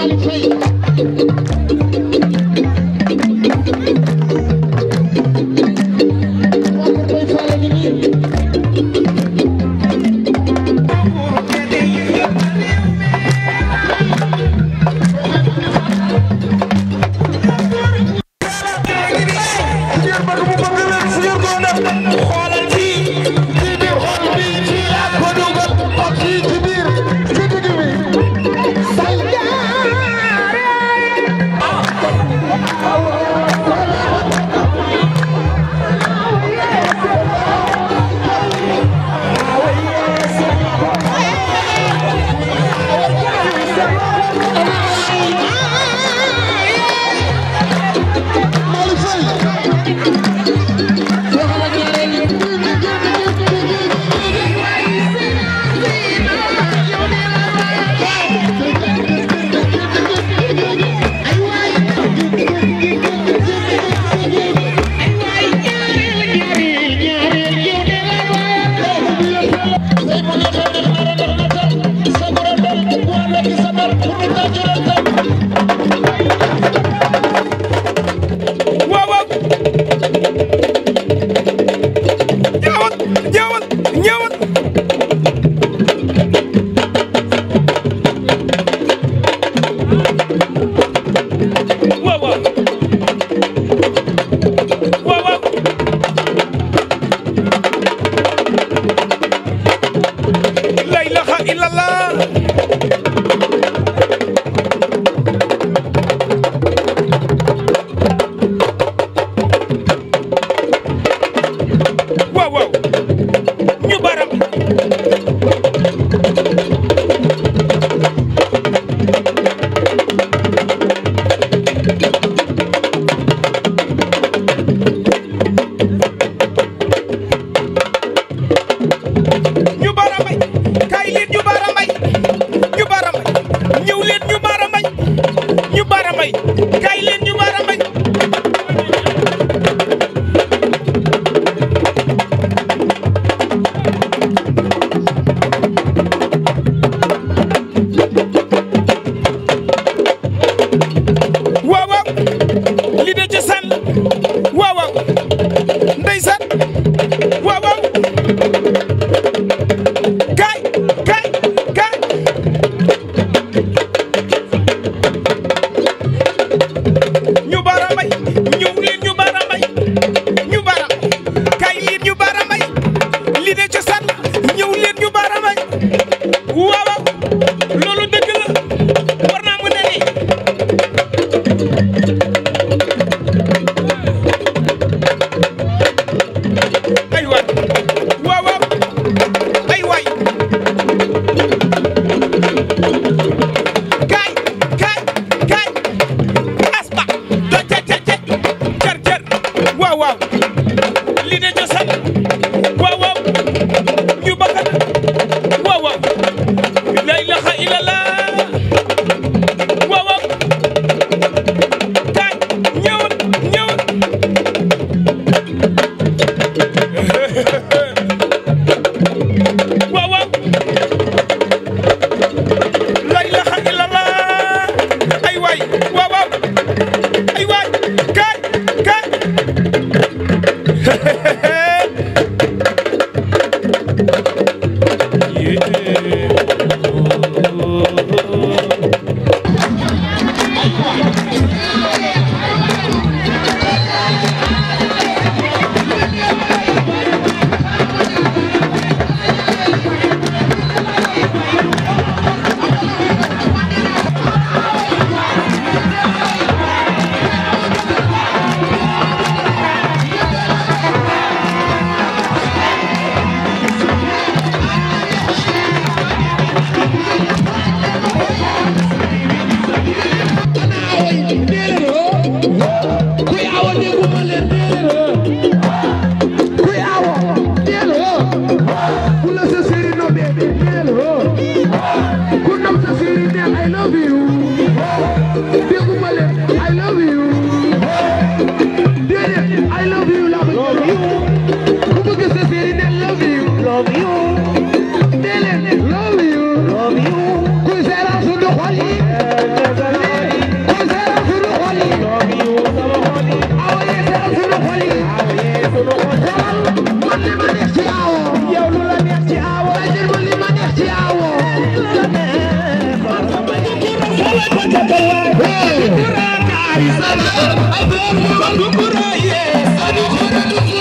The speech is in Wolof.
money clean. Bye. waaw waaw la ilaha illallah ay waay waaw waaw ay waay kaay kaay kuy awal ne ku Hey!